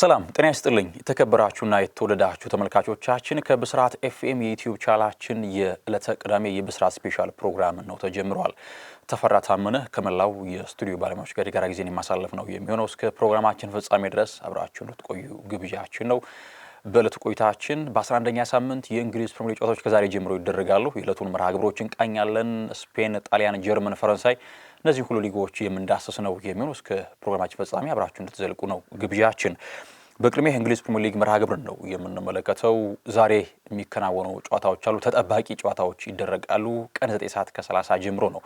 ሰላም ጤና ይስጥልኝ። የተከበራችሁና የተወደዳችሁ ተመልካቾቻችን ከብስራት ኤፍኤም የዩትዩብ ቻላችን የዕለተ ቅዳሜ የብስራት ስፔሻል ፕሮግራም ነው ተጀምሯል። ተፈራ ታመነ ከመላው የስቱዲዮ ባለሙያዎች ጋር የጋራ ጊዜን የማሳለፍ ነው የሚሆነው። እስከ ፕሮግራማችን ፍጻሜ ድረስ አብራችሁ ልትቆዩ ግብዣችን ነው። በዕለቱ ቆይታችን በ11ኛ ሳምንት የእንግሊዝ ፕሪሚየር ጨዋታዎች ከዛሬ ጀምሮ ይደረጋሉ። የዕለቱን መርሃ ግብሮች እንቃኛለን። ስፔን፣ ጣሊያን፣ ጀርመን፣ ፈረንሳይ እነዚህ ሁሉ ሊጎች የምንዳሰስ ነው የሚሆኑ እስከ ፕሮግራማችን ፈጻሚ አብራችሁ እንድትዘልቁ ነው ግብዣችን። በቅድሚያ የእንግሊዝ ፕሪሚየር ሊግ መርሃ ግብርን ነው የምንመለከተው። ዛሬ የሚከናወኑ ጨዋታዎች አሉ። ተጠባቂ ጨዋታዎች ይደረጋሉ። ቀን 9 ሰዓት ከ30 ጀምሮ ነው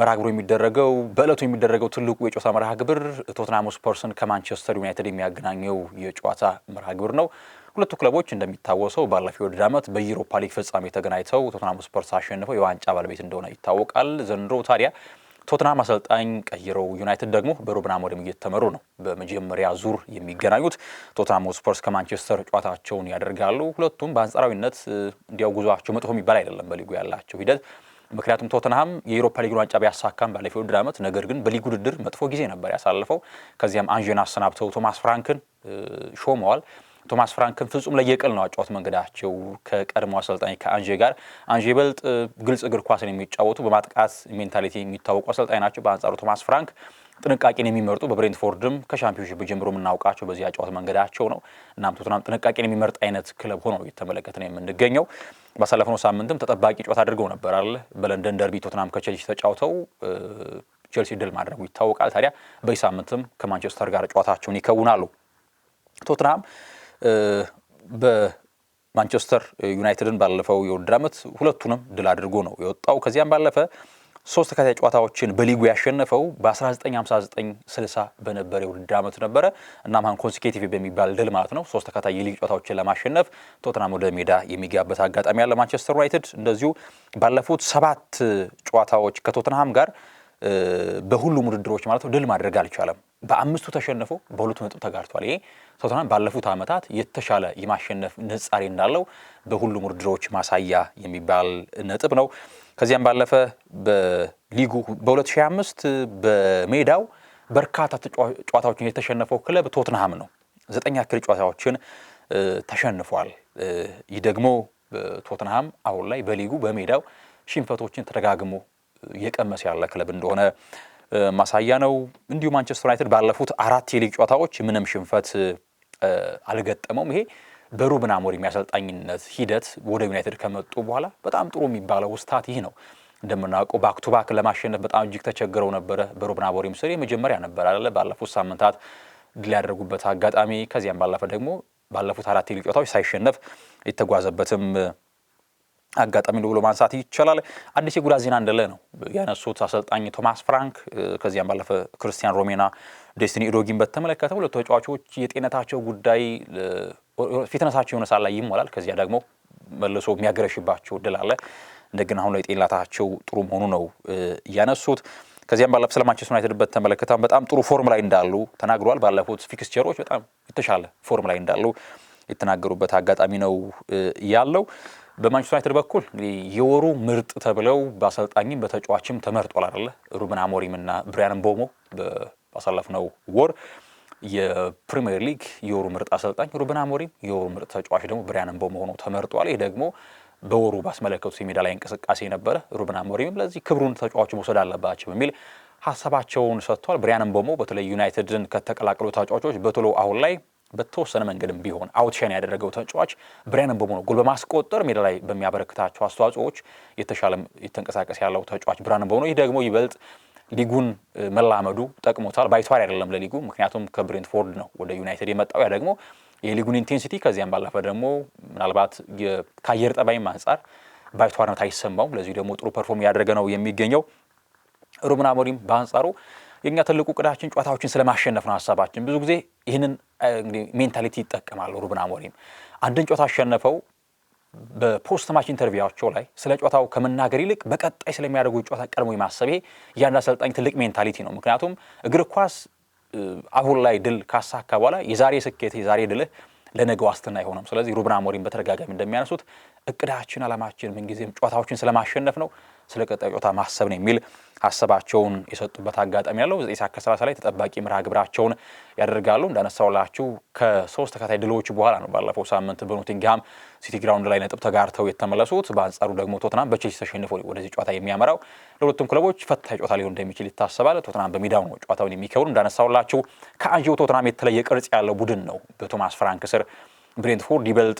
መርሃ ግብሩ የሚደረገው። በእለቱ የሚደረገው ትልቁ የጨዋታ መርሃ ግብር ቶትናም ስፐርስን ከማንቸስተር ዩናይትድ የሚያገናኘው የጨዋታ መርሃ ግብር ነው። ሁለቱ ክለቦች እንደሚታወሰው ባለፈው የውድድር ዓመት በዩሮፓ ሊግ ፍጻሜ ተገናኝተው ቶትናም ስፐርስ አሸንፈው የዋንጫ ባለቤት እንደሆነ ይታወቃል። ዘንድሮ ታዲያ ቶትናም አሰልጣኝ ቀይረው ዩናይትድ ደግሞ በሩበን አሞሪም እየተመሩ ነው። በመጀመሪያ ዙር የሚገናኙት ቶትናም ስፐርስ ከማንቸስተር ጨዋታቸውን ያደርጋሉ። ሁለቱም በአንጻራዊነት እንዲያው ጉዟቸው መጥፎ የሚባል አይደለም በሊጉ ያላቸው ሂደት። ምክንያቱም ቶተንሃም የኤሮፓ ሊግን ዋንጫ ቢያሳካም ባለፈው ውድድር ዓመት ነገር ግን በሊግ ውድድር መጥፎ ጊዜ ነበር ያሳለፈው። ከዚያም አንዥን አሰናብተው ቶማስ ፍራንክን ሾመዋል። ቶማስ ፍራንክን ፍጹም ለየቅል ነው አጫወት መንገዳቸው ከቀድሞ አሰልጣኝ ከአንዤ ጋር። አንዤ ይበልጥ ግልጽ እግር ኳስን የሚጫወቱ በማጥቃት ሜንታሊቲ የሚታወቁ አሰልጣኝ ናቸው። በአንጻሩ ቶማስ ፍራንክ ጥንቃቄን የሚመርጡ በብሬንትፎርድም ከሻምፒዮንሽፕ ጀምሮ የምናውቃቸው በዚህ አጫወት መንገዳቸው ነው። እናም ቶትናም ጥንቃቄን የሚመርጥ አይነት ክለብ ሆኖ እየተመለከት ነው የምንገኘው። ባሳለፍነው ሳምንትም ተጠባቂ ጨዋታ አድርገው ነበር አለ በለንደን ደርቢ ቶትናም ከቼልሲ ተጫውተው ቼልሲ ድል ማድረጉ ይታወቃል። ታዲያ በዚህ ሳምንትም ከማንቸስተር ጋር ጨዋታቸውን ይከውናሉ ቶትናም በማንቸስተር ዩናይትድን ባለፈው የውድድር ዓመት ሁለቱንም ድል አድርጎ ነው የወጣው። ከዚያም ባለፈ ሶስት ተከታይ ጨዋታዎችን በሊጉ ያሸነፈው በ1959 60 በነበረ የውድድር ዓመት ነበረ። እናም አሁን ኮንሴኪቲቭ በሚባል ድል ማለት ነው ሶስት ተከታይ የሊግ ጨዋታዎችን ለማሸነፍ ቶትናም ወደ ሜዳ የሚገባበት አጋጣሚ ያለ ማንቸስተር ዩናይትድ እንደዚሁ ባለፉት ሰባት ጨዋታዎች ከቶትናሃም ጋር በሁሉም ውድድሮች ማለት ነው ድል ማድረግ አልቻለም። በአምስቱ ተሸንፎ በሁለቱ ነጥብ ተጋርቷል። ይሄ ቶተናም ባለፉት ዓመታት የተሻለ የማሸነፍ ንጻሬ እንዳለው በሁሉም ውድድሮች ማሳያ የሚባል ነጥብ ነው። ከዚያም ባለፈ በሊጉ በ2025 በሜዳው በርካታ ጨዋታዎችን የተሸነፈው ክለብ ቶትንሃም ነው። ዘጠኝ ያክል ጨዋታዎችን ተሸንፏል። ይህ ደግሞ ቶትንሃም አሁን ላይ በሊጉ በሜዳው ሽንፈቶችን ተደጋግሞ እየቀመሰ ያለ ክለብ እንደሆነ ማሳያ ነው። እንዲሁ ማንቸስተር ዩናይትድ ባለፉት አራት የሊግ ጨዋታዎች ምንም ሽንፈት አልገጠመውም። ይሄ በሩበን አሞሪም የሚያሰልጣኝነት ሂደት ወደ ዩናይትድ ከመጡ በኋላ በጣም ጥሩ የሚባለው ውስታት ይህ ነው። እንደምናውቀው ባክ ቱ ባክ ለማሸነፍ በጣም እጅግ ተቸግረው ነበረ። በሩበን አሞሪም ስር የመጀመሪያ ነበር አለ ባለፉት ሳምንታት ድል ያደረጉበት አጋጣሚ ከዚያም ባለፈ ደግሞ ባለፉት አራት የሊግ ጨዋታዎች ሳይሸነፍ የተጓዘበትም አጋጣሚ ብሎ ማንሳት ይቻላል። አዲስ የጉዳት ዜና እንደለ ነው ያነሱት አሰልጣኝ ቶማስ ፍራንክ። ከዚያም ባለፈ ክርስቲያን ሮሜና ዴስቲኒ ኢዶጊን በተመለከተ ሁለት ተጫዋቾች የጤነታቸው ጉዳይ ፊትነሳቸው የሆነ ሰዓት ላይ ይሞላል። ከዚያ ደግሞ መልሶ የሚያገረሽባቸው እድል አለ። እንደግን አሁን ላይ ጤንነታቸው ጥሩ መሆኑ ነው ያነሱት። ከዚያም ባለፈ ስለ ማንቸስተር ዩናይትድ በተመለከተ በጣም ጥሩ ፎርም ላይ እንዳሉ ተናግረዋል። ባለፉት ፊክስቸሮች በጣም የተሻለ ፎርም ላይ እንዳሉ የተናገሩበት አጋጣሚ ነው ያለው። በማንቸስተር ዩናይትድ በኩል እንግዲህ የወሩ ምርጥ ተብለው በአሰልጣኝም በተጫዋችም ተመርጧል አይደለ? ሩበን አሞሪም እና ብሪያን ቦሞ ባሳለፍነው ወር የፕሪምየር ሊግ የወሩ ምርጥ አሰልጣኝ ሩበን አሞሪም፣ የወሩ ምርጥ ተጫዋች ደግሞ ብሪያን ቦሞ ሆኖ ተመርጧል። ይህ ደግሞ በወሩ ባስመለከቱት የሜዳ ላይ እንቅስቃሴ ነበረ። ሩበን አሞሪም ለዚህ ክብሩን ተጫዋቹ መውሰድ አለባቸው በሚል ሀሳባቸውን ሰጥቷል። ብሪያን ቦሞ በተለይ ዩናይትድን ከተቀላቀሉ ተጫዋቾች በቶሎ አሁን ላይ በተወሰነ መንገድም ቢሆን አውትሻን ያደረገው ተጫዋች ብሪያን ምቦሞ ነው። ጎል በማስቆጠር ሜዳ ላይ በሚያበረክታቸው አስተዋጽኦዎች የተሻለ የተንቀሳቀስ ያለው ተጫዋች ብሪያን ምቦሞ ነው። ይህ ደግሞ ይበልጥ ሊጉን መላመዱ ጠቅሞታል። ባይተዋር አይደለም ለሊጉ ምክንያቱም ከብሬንትፎርድ ነው ወደ ዩናይትድ የመጣው። ያ ደግሞ የሊጉን ኢንቴንሲቲ ከዚያም ባለፈ ደግሞ ምናልባት ከአየር ጠባይም አንጻር ባይተዋርነት አይሰማውም። ለዚሁ ደግሞ ጥሩ ፐርፎርም እያደረገ ነው የሚገኘው። ሩበን አሞሪም በአንጻሩ የእኛ ትልቁ ቅዳችን ጨዋታዎችን ስለማሸነፍ ነው ሀሳባችን። ብዙ ጊዜ ይህንን እንግዲህ ሜንታሊቲ ይጠቀማል ሩብን አሞሪም። አንድን ጨዋታ አሸነፈው በፖስት ማች ኢንተርቪዋቸው ላይ ስለ ጨዋታው ከመናገር ይልቅ በቀጣይ ስለሚያደርጉ ጨዋታ ቀድሞ የማሰብ ይሄ እያንድ አሰልጣኝ ትልቅ ሜንታሊቲ ነው። ምክንያቱም እግር ኳስ አሁን ላይ ድል ካሳካ በኋላ የዛሬ ስኬት የዛሬ ድልህ ለነገ ዋስትና አይሆንም። ስለዚህ ሩብን አሞሪም በተደጋጋሚ እንደሚያነሱት እቅዳችን፣ አላማችን ምንጊዜም ጨዋታዎችን ስለማሸነፍ ነው። ስለ ቀጣዩ ጨዋታ ማሰብ ነው የሚል ሀሳባቸውን የሰጡበት አጋጣሚ ያለው ዘጠኝ ሰዓት ከሰላሳ ላይ ተጠባቂ ምርሃ ግብራቸውን ያደርጋሉ። እንዳነሳውላችሁ ከሶስት ተከታይ ድሎች በኋላ ነው ባለፈው ሳምንት በኖቲንግሃም ሲቲ ግራውንድ ላይ ነጥብ ተጋርተው የተመለሱት። በአንጻሩ ደግሞ ቶትናም በቼልሲ ተሸንፎ ወደዚህ ጨዋታ የሚያመራው ለሁለቱም ክለቦች ፈታኝ ጨዋታ ሊሆን እንደሚችል ይታሰባል። ቶትናም በሜዳው ነው ጨዋታውን የሚከብሩ። እንዳነሳውላችሁ ከአንጆ ቶትናም የተለየ ቅርጽ ያለው ቡድን ነው በቶማስ ፍራንክ ስር ብሬንትፎርድ ይበልጥ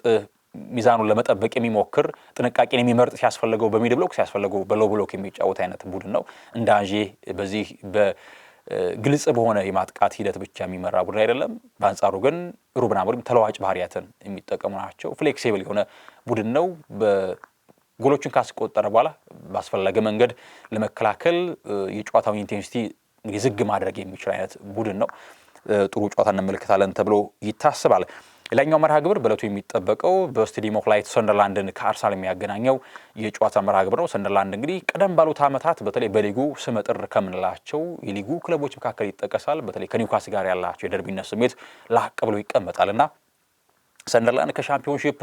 ሚዛኑን ለመጠበቅ የሚሞክር ጥንቃቄን የሚመርጥ ሲያስፈልገው በሚድ ብሎክ ሲያስፈልገው በሎ ብሎክ የሚጫወት አይነት ቡድን ነው። እንደ አንዤ በዚህ በግልጽ በሆነ የማጥቃት ሂደት ብቻ የሚመራ ቡድን አይደለም። በአንጻሩ ግን ሩበን አሞሪም ተለዋጭ ባህሪያትን የሚጠቀሙ ናቸው። ፍሌክሲብል የሆነ ቡድን ነው። ጎሎችን ካስቆጠረ በኋላ ባስፈለገ መንገድ ለመከላከል የጨዋታውን ኢንቴንሲቲ እንግዲህ ዝግ ማድረግ የሚችል አይነት ቡድን ነው። ጥሩ ጨዋታ እንመለከታለን ተብሎ ይታስባል። ሌላኛው መርሃ ግብር በእለቱ የሚጠበቀው በስቴዲየም ኦፍ ላይት ሰንደርላንድን ከአርሰናል የሚያገናኘው የጨዋታ መርሃ ግብር ነው። ሰንደርላንድ እንግዲህ ቀደም ባሉት ዓመታት በተለይ በሊጉ ስመጥር ከምንላቸው የሊጉ ክለቦች መካከል ይጠቀሳል። በተለይ ከኒውካስ ጋር ያላቸው የደርቢነት ስሜት ላቅ ብሎ ይቀመጣልና ሰንደርላንድ ከሻምፒዮንሺፕ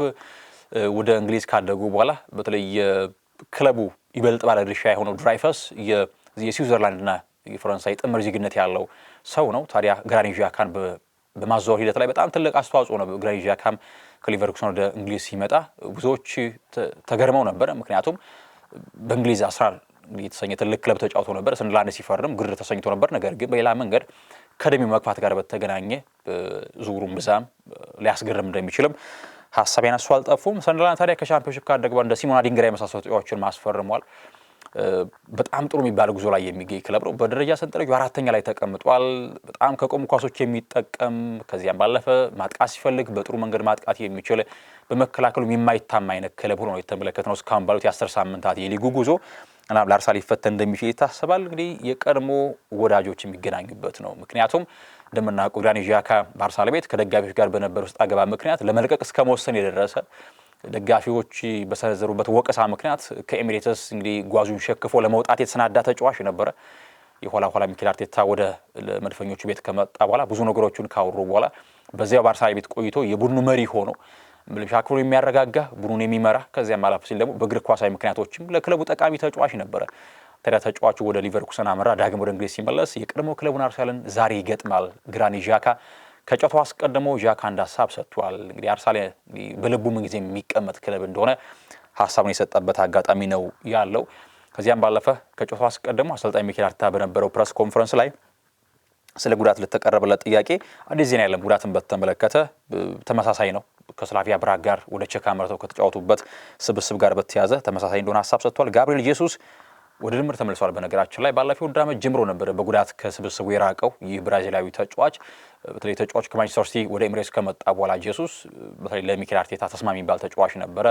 ወደ እንግሊዝ ካደጉ በኋላ በተለይ የክለቡ ይበልጥ ባለድርሻ የሆነው ድራይፈስ የስዊዘርላንድና የፈረንሳይ ጥምር ዜግነት ያለው ሰው ነው። ታዲያ ግራኒት ዣካን በማዘዋወር ሂደት ላይ በጣም ትልቅ አስተዋጽኦ ነው። ግራኒት ዣካም ከሊቨርኩሰን ወደ እንግሊዝ ሲመጣ ብዙዎች ተገርመው ነበረ። ምክንያቱም በእንግሊዝ አስራል የተሰኘ ትልቅ ክለብ ተጫውቶ ነበር። ሰንደርላንድ ሲፈርም ግር ተሰኝቶ ነበር። ነገር ግን በሌላ መንገድ ከእድሜው መግፋት ጋር በተገናኘ ዝውውሩን ብዛም ሊያስገርም እንደሚችልም ሀሳብ ያነሱ አልጠፉም። ሰንደርላንድ ታዲያ ከሻምፒዮንሽፕ ካደግባ እንደ ሲሞና ዲንግራ የመሳሰሉ ተጫዋቾችን ማስፈርሟል። በጣም ጥሩ የሚባል ጉዞ ላይ የሚገኝ ክለብ ነው። በደረጃ ሰንጠረዡ አራተኛ ላይ ተቀምጧል። በጣም ከቆሙ ኳሶች የሚጠቀም ከዚያም ባለፈ ማጥቃት ሲፈልግ በጥሩ መንገድ ማጥቃት የሚችል በመከላከሉም የማይታማ አይነት ክለብ ሆኖ ነው። እስካሁን ባሉት የአስር ሳምንታት የሊጉ ጉዞ እናም ለአርሳ ሊፈተን እንደሚችል ይታሰባል። እንግዲህ የቀድሞ ወዳጆች የሚገናኙበት ነው። ምክንያቱም እንደምናውቀው ግራኒት ዣካ በአርሰናል ቤት ከደጋፊዎች ጋር በነበር ውስጥ አገባ ምክንያት ለመልቀቅ እስከ መወሰን የደረሰ ደጋፊዎች በሰነዘሩበት ወቀሳ ምክንያት ከኤሚሬትስ እንግዲህ ጓዙን ሸክፎ ለመውጣት የተሰናዳ ተጫዋች ነበረ። የኋላ ኋላ ሚኬል አርቴታ ወደ መድፈኞቹ ቤት ከመጣ በኋላ ብዙ ነገሮችን ካወሩ በኋላ በዚያ ባርሳ ቤት ቆይቶ የቡድኑ መሪ ሆኖ ሻክሮ የሚያረጋጋ ቡድኑን የሚመራ ከዚያም አላፍ ሲል ደግሞ በእግር ኳሳዊ ምክንያቶችም ለክለቡ ጠቃሚ ተጫዋች ነበረ። ታዲያ ተጫዋቹ ወደ ሊቨርኩሰን አመራ። ዳግም ወደ እንግሊዝ ሲመለስ የቀድሞ ክለቡን አርሰናልን ዛሬ ይገጥማል። ግራኒ ዣካ ከጨዋታው አስቀድሞ ዣካ አንድ ሀሳብ ሰጥቷል። እንግዲህ አርሰናል በልቡም ጊዜ የሚቀመጥ ክለብ እንደሆነ ሀሳቡን የሰጠበት አጋጣሚ ነው ያለው። ከዚያም ባለፈ ከጨዋታው አስቀድሞ አሰልጣኝ ሚኬል አርቴታ በነበረው ፕሬስ ኮንፈረንስ ላይ ስለ ጉዳት ለተቀረበለት ጥያቄ አዲስ ዜና የለም። ጉዳትን በተመለከተ ተመሳሳይ ነው። ከስላቪያ ብራግ ጋር ወደ ቼክ አምርተው ከተጫወቱበት ስብስብ ጋር በተያዘ ተመሳሳይ እንደሆነ ሀሳብ ሰጥቷል። ጋብሪኤል ኢየሱስ ወደ ድምር ተመልሷል። በነገራችን ላይ ባለፈው ውድድር ዓመት ጀምሮ ነበረ በጉዳት ከስብስቡ የራቀው ይህ ብራዚላዊ ተጫዋች። በተለይ ተጫዋች ከማንቸስተር ሲቲ ወደ ኤምሬስ ከመጣ በኋላ ጄሱስ በተለይ ለሚኬል አርቴታ ተስማሚ የሚባል ተጫዋች ነበረ።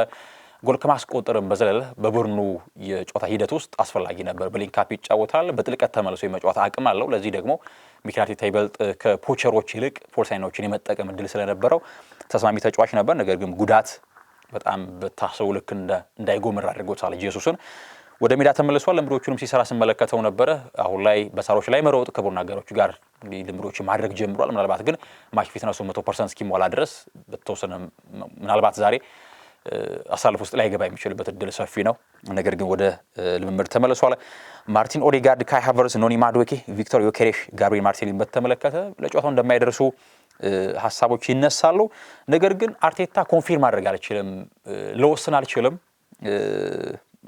ጎል ከማስቆጠርም በዘለለ በቡድኑ የጨዋታ ሂደት ውስጥ አስፈላጊ ነበር። በሊንካፕ ይጫወታል። በጥልቀት ተመልሶ የመጫወት አቅም አለው። ለዚህ ደግሞ ሚኬል አርቴታ ይበልጥ ከፖቸሮች ይልቅ ፎልሳይናዎችን የመጠቀም እድል ስለነበረው ተስማሚ ተጫዋች ነበር። ነገር ግን ጉዳት በጣም በታሰው ልክ እንዳይጎምር አድርጎታል ጄሱስን ወደ ሜዳ ተመልሷል። ልምዶቹንም ሲሰራ ስመለከተው ነበረ። አሁን ላይ በሳሮች ላይ መሮጥ ከቡና ሀገሮች ጋር ልምዶች ማድረግ ጀምሯል። ምናልባት ግን ማች ፊትነሱ መቶ ፐርሰንት እስኪሞላ ድረስ በተወሰነ ምናልባት ዛሬ አሳልፍ ውስጥ ላይገባ የሚችልበት እድል ሰፊ ነው። ነገር ግን ወደ ልምምድ ተመልሷል። ማርቲን ኦዴጋርድ፣ ካይ ሃቨርስ፣ ኖኒ ማዱዌኬ፣ ቪክቶር ዮኬሬሽ፣ ጋብሪኤል ማርቴሊን በተመለከተ ለጨዋታው እንደማይደርሱ ሀሳቦች ይነሳሉ። ነገር ግን አርቴታ ኮንፊርም ማድረግ አልችልም፣ ለወስን አልችልም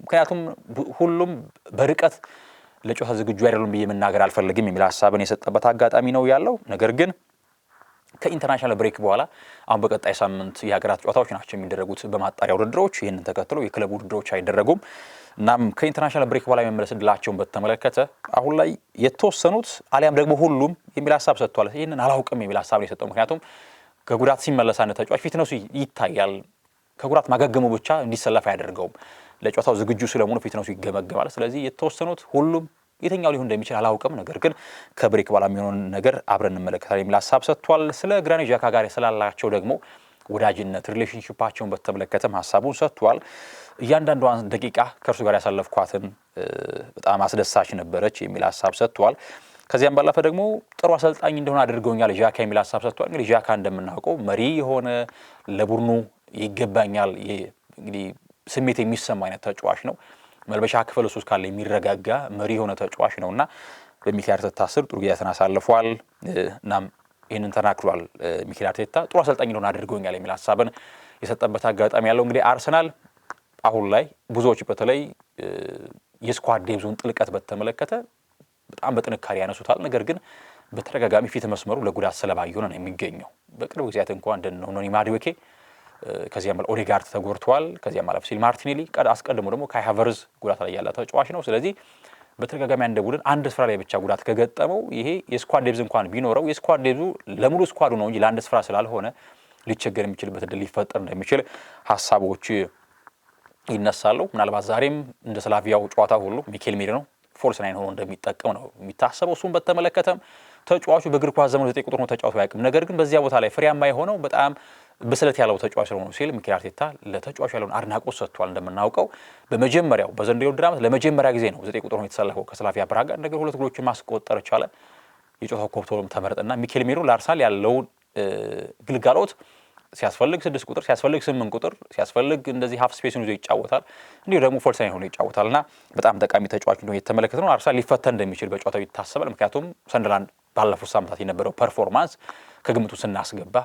ምክንያቱም ሁሉም በርቀት ለጨዋታ ዝግጁ አይደሉም ብዬ መናገር አልፈልግም የሚል ሀሳብን የሰጠበት አጋጣሚ ነው ያለው። ነገር ግን ከኢንተርናሽናል ብሬክ በኋላ አሁን በቀጣይ ሳምንት የሀገራት ጨዋታዎች ናቸው የሚደረጉት በማጣሪያ ውድድሮች። ይህንን ተከትሎ የክለብ ውድድሮች አይደረጉም። እናም ከኢንተርናሽናል ብሬክ በኋላ የመመለስ እድላቸውን በተመለከተ አሁን ላይ የተወሰኑት አሊያም ደግሞ ሁሉም የሚል ሀሳብ ሰጥቷል። ይህንን አላውቅም የሚል ሀሳብ ነው የሰጠው። ምክንያቱም ከጉዳት ሲመለስ አንድ ተጫዋች ፊትነሱ ይታያል። ከጉዳት ማገገሙ ብቻ እንዲሰለፍ አያደርገውም። ለጨዋታው ዝግጁ ስለመሆኑ ፊትነሱ ይገመገማል። ስለዚህ የተወሰኑት ሁሉም የትኛው ሊሆን እንደሚችል አላውቅም። ነገር ግን ከብሬክ በኋላ የሚሆነውን ነገር አብረን እንመለከታል የሚል ሀሳብ ሰጥቷል። ስለ ግራኒት ዣካ ጋር ስላላቸው ደግሞ ወዳጅነት ሪሌሽንሽፓቸውን በተመለከተም ሀሳቡን ሰጥቷል። እያንዳንዷን ደቂቃ ከእርሱ ጋር ያሳለፍኳትን በጣም አስደሳች ነበረች የሚል ሀሳብ ሰጥቷል። ከዚያም ባለፈ ደግሞ ጥሩ አሰልጣኝ እንደሆነ አድርገውኛል ዣካ የሚል ሀሳብ ሰጥቷል። እንግዲህ ዣካ እንደምናውቀው መሪ የሆነ ለቡድኑ ይገባኛል እንግዲህ ስሜት የሚሰማ አይነት ተጫዋች ነው። መልበሻ ክፍል እሱ ካለ የሚረጋጋ መሪ የሆነ ተጫዋች ነው እና በሚኬል አርቴታ ስር ጥሩ ጊዜያትን አሳልፏል። እናም ይህንን ተናግሯል። ሚኬል አርቴታ ጥሩ አሰልጣኝ እንደሆነ አድርጎኛል የሚል ሀሳብን የሰጠበት አጋጣሚ ያለው እንግዲህ አርሰናል አሁን ላይ ብዙዎች በተለይ የስኳድ ዴብዙን ጥልቀት በተመለከተ በጣም በጥንካሬ ያነሱታል። ነገር ግን በተደጋጋሚ ፊት መስመሩ ለጉዳት ሰለባ እየሆነ ነው የሚገኘው። በቅርብ ጊዜያት እንኳ እንደነ ኖኒ ማድዌኬ ከዚያም በኋላ ኦዴጋርድ ተጎድቷል። ከዚያም ማለፍ ሲል ማርቲኔሊ፣ አስቀድሞ ደግሞ ካይ ሃቨርዝ ጉዳት ላይ ያለ ተጫዋች ነው። ስለዚህ በተደጋጋሚ አንድ ቡድን አንድ ስፍራ ላይ ብቻ ጉዳት ከገጠመው ይሄ የስኳድ ዴብዝ እንኳን ቢኖረው የስኳድ ዴብዙ ለሙሉ ስኳዱ ነው እንጂ ለአንድ ስፍራ ስላልሆነ ሊቸገር የሚችልበት እድል ሊፈጠር እንደሚችል ሀሳቦች ይነሳሉ። ምናልባት ዛሬም እንደ ስላቪያው ጨዋታ ሁሉ ሚኬል ሜሪኖ ፎልስ ናይን ሆኖ እንደሚጠቀም ነው የሚታሰበው። እሱም በተመለከተም ተጫዋቹ በእግር ኳስ ዘመኑ ዘጠኝ ቁጥር ነው ተጫዋቱ አያውቅም። ነገር ግን በዚያ ቦታ ላይ ፍሬያማ የሆነው በጣም ብስለት ያለው ተጫዋች ነው ሲል ሚኬል አርቴታ ለተጫዋች ያለውን አድናቆት ሰጥቷል። እንደምናውቀው በመጀመሪያው በዘንድሮ ውድድር ዓመት ለመጀመሪያ ጊዜ ነው ዘጠኝ ቁጥር ሆኖ የተሰለፈው ከስላቪያ ፕራግ ጋር ነገር ሁለት ጎሎችን ማስቆጠር ቻለ። የጨዋታው ኮከብም ተመረጠና ሚኬል ሜሮ ለአርሰናል ያለውን ግልጋሎት ሲያስፈልግ ስድስት ቁጥር ሲያስፈልግ ስምንት ቁጥር ሲያስፈልግ እንደዚህ ሀፍ ስፔስን ይዞ ይጫወታል። እንዲሁ ደግሞ ፎልሳይን ሆኖ ይጫወታል እና በጣም ጠቃሚ ተጫዋች እንደሆነ የተመለከተ ነው። አርሰናል ሊፈተን እንደሚችል በጨዋታው ይታሰባል። ምክንያቱም ሰንደርላንድ ባለፉት ሳምንታት የነበረው ፐርፎርማንስ ከግምቱ ስናስገባ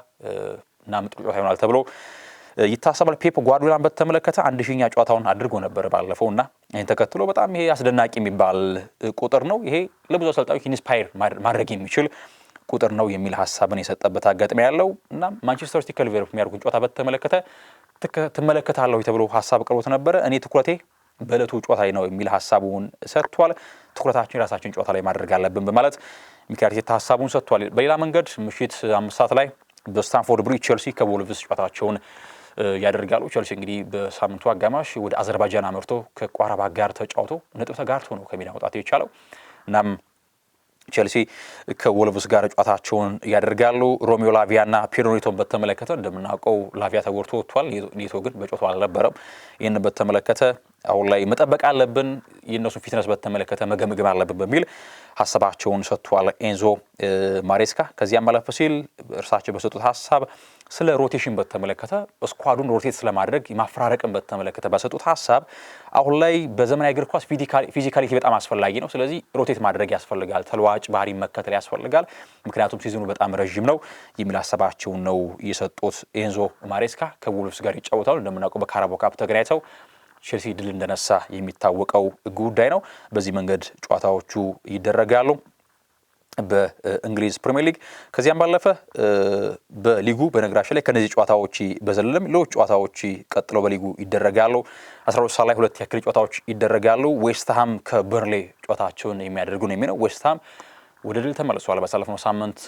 እና ምርጥ ጨዋታ ይሆናል ተብሎ ይታሰባል። ፔፕ ጓርዲዮላን በተመለከተ አንድ ሺኛ ጨዋታውን አድርጎ ነበር ባለፈው እና ይህን ተከትሎ በጣም ይሄ አስደናቂ የሚባል ቁጥር ነው። ይሄ ለብዙ አሰልጣኞች ኢንስፓየር ማድረግ የሚችል ቁጥር ነው የሚል ሀሳብን የሰጠበት አጋጥሚ ያለው እና ማንቸስተር ሲቲ ከሊቨርፑል የሚያደርጉን ጨዋታ በተመለከተ ትመለከታለሁ ተብሎ ሀሳብ ቀርቦት ነበረ። እኔ ትኩረቴ በእለቱ ጨዋታ ነው የሚል ሀሳቡን ሰጥቷል። ትኩረታችን የራሳችን ጨዋታ ላይ ማድረግ አለብን በማለት ሚኬል አርቴታ ሀሳቡን ሰጥቷል። በሌላ መንገድ ምሽት አምስት ሰዓት ላይ በስታንፎርድ ብሪጅ ቸልሲ ከቮልቭስ ጨዋታቸውን ያደርጋሉ። ቸልሲ እንግዲህ በሳምንቱ አጋማሽ ወደ አዘርባጃን አመርቶ ከቋራባ ጋር ተጫውቶ ነጥብ ተጋርቶ ነው ከሜዳ መውጣት የቻለው። እናም ቸልሲ ከወልቭስ ጋር ጨዋታቸውን ያደርጋሉ። ሮሚዮ ላቪያና ፔድሮ በተመለከተ እንደምናውቀው ላቪያ ተጎድቶ ወጥቷል። ኔቶ ግን በጨዋታው አልነበረም። ይህን በተመለከተ አሁን ላይ መጠበቅ አለብን፣ የእነሱ ፊትነስ በተመለከተ መገምገም አለብን በሚል ሀሳባቸውን ሰጥቷል ኤንዞ ማሬስካ። ከዚያም አለፍ ሲል እርሳቸው በሰጡት ሀሳብ ስለ ሮቴሽን በተመለከተ ስኳዱን ሮቴት ስለማድረግ የማፈራረቅን በተመለከተ በሰጡት ሀሳብ አሁን ላይ በዘመናዊ እግር ኳስ ፊዚካሊቲ በጣም አስፈላጊ ነው። ስለዚህ ሮቴት ማድረግ ያስፈልጋል፣ ተለዋጭ ባህሪ መከተል ያስፈልጋል፣ ምክንያቱም ሲዝኑ በጣም ረዥም ነው የሚል ሀሳባቸውን ነው የሰጡት ኤንዞ ማሬስካ። ከውልፍስ ጋር ይጫወታሉ እንደምናውቀው በካራቦካፕ ተገናኝተው ቼልሲ ድል እንደነሳ የሚታወቀው ጉዳይ ነው። በዚህ መንገድ ጨዋታዎቹ ይደረጋሉ በእንግሊዝ ፕሪምየር ሊግ። ከዚያም ባለፈ በሊጉ በነገራችን ላይ ከነዚህ ጨዋታዎች በዘለለም ሌሎች ጨዋታዎች ቀጥለው በሊጉ ይደረጋሉ። 12 ሰዓት ላይ ሁለት ያክል ጨዋታዎች ይደረጋሉ። ዌስትሃም ከበርንሌ ጨዋታቸውን የሚያደርጉ ነው የሚነው ዌስትሃም ወደ ድል ተመልሷል። ባሳለፍነው ሳምንት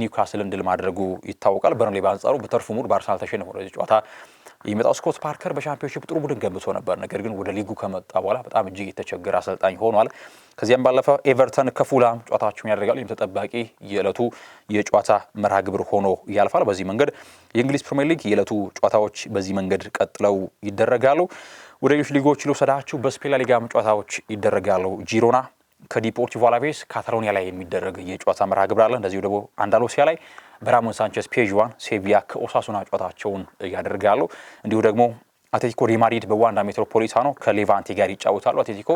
ኒውካስልን ድል ማድረጉ ይታወቃል። በርንሌ በአንጻሩ በተርፉ ሙድ በአርሰናል ተሸንፎ ነው ጨዋታ የሚመጣው ስኮት ፓርከር በሻምፒዮንሺፕ ጥሩ ቡድን ገንብቶ ነበር። ነገር ግን ወደ ሊጉ ከመጣ በኋላ በጣም እጅግ የተቸገረ አሰልጣኝ ሆኗል። ከዚያም ባለፈ ኤቨርተን ከፉላም ጨዋታቸውን ያደርጋሉ። ይህም ተጠባቂ የዕለቱ የጨዋታ መርሃ ግብር ሆኖ ያልፋል። በዚህ መንገድ የእንግሊዝ ፕሪምየር ሊግ የዕለቱ ጨዋታዎች በዚህ መንገድ ቀጥለው ይደረጋሉ። ወደ ሌሎች ሊጎች ልውሰዳችሁ። በስፔን ላሊጋም ጨዋታዎች ይደረጋሉ። ጂሮና ከዲፖርቲቮ አላቬስ ካታሎኒያ ላይ የሚደረግ የጨዋታ መርሃ ግብር አለ። እንደዚሁ ደግሞ አንዳሎሲያ ላይ በራሞን ሳንቸስ ፔዥዋን ሴቪያ ከኦሳሱና ጨዋታቸውን ያደርጋሉ። እንዲሁ ደግሞ አትሌቲኮ ዲ ማድሪድ በዋንዳ ሜትሮፖሊታኖ ከሌቫንቴ ጋር ይጫወታሉ። አትሌቲኮ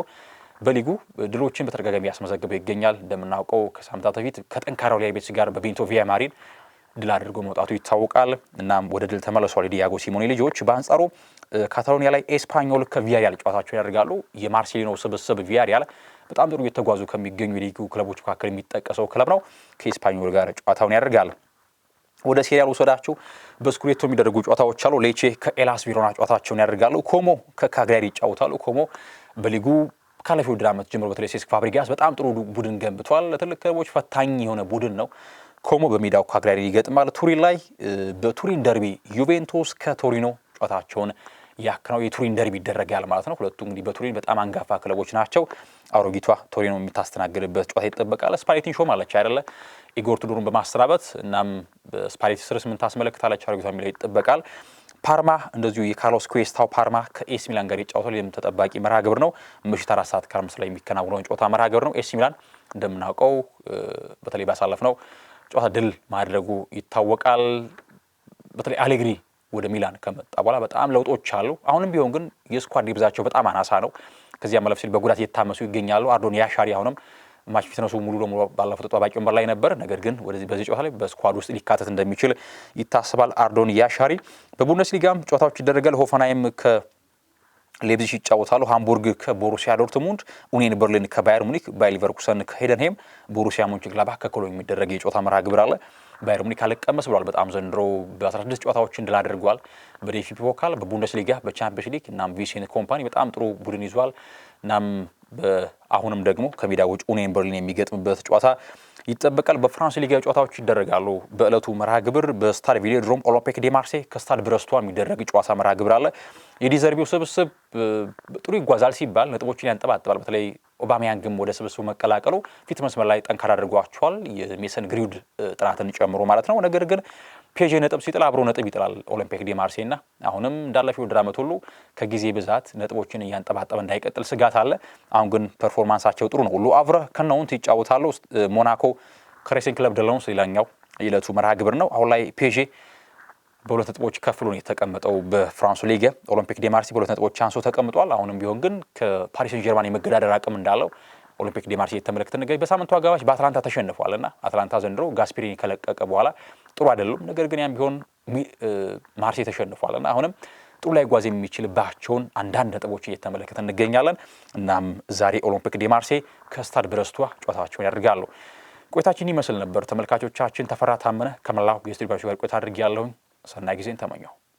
በሊጉ ድሎችን በተደጋጋሚ ያስመዘግበው ይገኛል። እንደምናውቀው ከሳምንታት በፊት ከጠንካራው ሪያል ቤቲስ ጋር በቤኒቶ ቪያማሪን ድል አድርጎ መውጣቱ ይታወቃል። እናም ወደ ድል ተመልሷል የዲያጎ ሲሞኔ ልጆች። በአንጻሩ ካታሎኒያ ላይ ኤስፓኞል ከቪያሪያል ጨዋታቸውን ያደርጋሉ። የማርሴሊኖ ስብስብ ቪያሪያል በጣም ጥሩ እየተጓዙ ከሚገኙ የሊጉ ክለቦች መካከል የሚጠቀሰው ክለብ ነው። ከኤስፓኞል ጋር ጨዋታውን ያደርጋል። ወደ ሴሪያ ልውሰዳቸው። በስኩዴቶ የሚደረጉ ጨዋታዎች አሉ። ሌቼ ከኤላስ ቪሮና ጨዋታቸውን ያደርጋሉ። ኮሞ ከካግሊያሪ ይጫወታሉ። ኮሞ በሊጉ ካለፊ ውድድር ዓመት ጀምሮ በተለይ ሴስክ ፋብሪጋስ በጣም ጥሩ ቡድን ገንብቷል። ለትልቅ ክለቦች ፈታኝ የሆነ ቡድን ነው። ኮሞ በሜዳው ካግሊያሪ ይገጥማል። ቱሪን ላይ በቱሪን ደርቢ ዩቬንቱስ ከቶሪኖ ጨዋታቸውን ያክ ነው የቱሪን ደርቢ ይደረጋል ማለት ነው። ሁለቱ እንግዲህ በቱሪን በጣም አንጋፋ ክለቦች ናቸው። አሮጊቷ ቶሪኖ የምታስተናግድበት ጨዋታ ይጠበቃል። ስፓሌቲን ሾም አለች አይደለ ኢጎር ቱዱሩን በማሰናበት እናም ስፓሌቲ ስርስ ምን ታስመለክታለች አሮጊቷ የሚለው ይጠበቃል። ፓርማ እንደዚሁ የካርሎስ ኩዌስታው ፓርማ ከኤሲ ሚላን ጋር ይጫወታል። ይህም ተጠባቂ መርሃ ግብር ነው። ምሽት አራት ሰዓት ከአምስት ላይ የሚከናውነውን ጨዋታ መርሃ ግብር ነው። ኤሲ ሚላን እንደምናውቀው በተለይ ባሳለፍ ነው ጨዋታ ድል ማድረጉ ይታወቃል። በተለይ አሌግሪ ወደ ሚላን ከመጣ በኋላ በጣም ለውጦች አሉ። አሁንም ቢሆን ግን የስኳድ ብዛቸው በጣም አናሳ ነው። ከዚያ መለፍ ሲል በጉዳት እየታመሱ ይገኛሉ። አርዶን ያሻሪ አሁንም ማች ፊትነሱ ሙሉ ለሙሉ ባለፈው ተጠባባቂ ወንበር ላይ ነበር። ነገር ግን ወደዚህ በዚህ ጨዋታ ላይ በስኳድ ውስጥ ሊካተት እንደሚችል ይታሰባል። አርዶን ያሻሪ በቡንደስሊጋም ጨዋታዎች ይደረጋል። ሆፈናይም ከ ሌብዚሽ ይጫወታሉ። ሃምቡርግ ከቦሩሲያ ዶርትሙንድ፣ ኡኒየን በርሊን ከባየር ሙኒክ፣ ባየር ሊቨርኩሰን ከሄደንሄም፣ ቦሩሲያ ሞንችንግላባህ ከኮሎኝ የሚደረግ የጨዋታ መርሃ ግብር አለ። ባየር ሙኒክ አልቀመስ ብሏል። በጣም ዘንድሮ በ16 ጨዋታዎች ድል አድርጓል። በዲኤፍቢ ፖካል፣ በቡንደስሊጋ፣ በቻምፒየንስ ሊግ እናም ቪሴን ኮምፓኒ በጣም ጥሩ ቡድን ይዟል እናም አሁንም ደግሞ ከሜዳ ውጭ ኡኒየን በርሊን የሚገጥምበት ጨዋታ ይጠበቃል። በፍራንስ ሊጋ ጨዋታዎች ይደረጋሉ። በእለቱ መርሃ ግብር በስታድ ቬሎድሮም ኦሎምፒክ ዴ ማርሴ ከስታድ ብረስቷ የሚደረግ ጨዋታ መርሃ ግብር አለ። የዲዘርቢው ስብስብ ጥሩ ይጓዛል ሲባል ነጥቦችን ያንጠባጥባል። በተለይ ኦባሚያንግም ወደ ስብስቡ መቀላቀሉ ፊት መስመር ላይ ጠንካራ አድርጓቸዋል፣ የሜሰን ግሪውድ ጥናትን ጨምሮ ማለት ነው። ነገር ግን ፔዥ ነጥብ ሲጥል አብሮ ነጥብ ይጥላል ኦሎምፒክ ዲ ና አሁንም እንዳለፈው ውድድር ሁሉ ከጊዜ ብዛት ነጥቦችን እያንጠባጠበ እንዳይቀጥል ስጋት አለ። አሁን ግን ፐርፎርማንሳቸው ጥሩ ነው። አብረ ከናውንት ይጫወታሉ። ሞናኮ ከሬሲንግ ክለብ ደለውንስ ሌላኛው የዕለቱ መርሃ ግብር ነው። አሁን ላይ ፔዥ በሁለት ነጥቦች ከፍሎ ነው የተቀመጠው። በፍራንሱ ሊግ ኦሎምፒክ ዴማርሲ በሁለት ነጥቦች አንሶ ተቀምጧል። አሁንም ቢሆን ግን ከፓሪስ ጀርማን የመገዳደር አቅም እንዳለው ኦሎምፒክ ዲ ማርሴይ የተመለከትን ነገር በሳምንቱ አጋማሽ በአትላንታ ተሸንፏል እና አትላንታ ዘንድሮ ጋስፔሪኒ ከለቀቀ በኋላ ጥሩ አይደሉም። ነገር ግን ያም ቢሆን ማርሴይ ተሸንፏል እና አሁንም ጥሩ ላይ ጓዝ የሚችልባቸውን አንዳንድ ነጥቦች እየተመለከተ እንገኛለን። እናም ዛሬ ኦሎምፒክ ዲ ማርሴይ ከስታድ ብረስቷ ጨዋታቸውን ያደርጋሉ። ቆይታችን ይመስል ነበር ተመልካቾቻችን። ተፈራ ታመነ ከመላው የስቱዲዮ ጋር ቆይታ አድርጌ ያለሁኝ ሰናይ ጊዜን ተመኘው።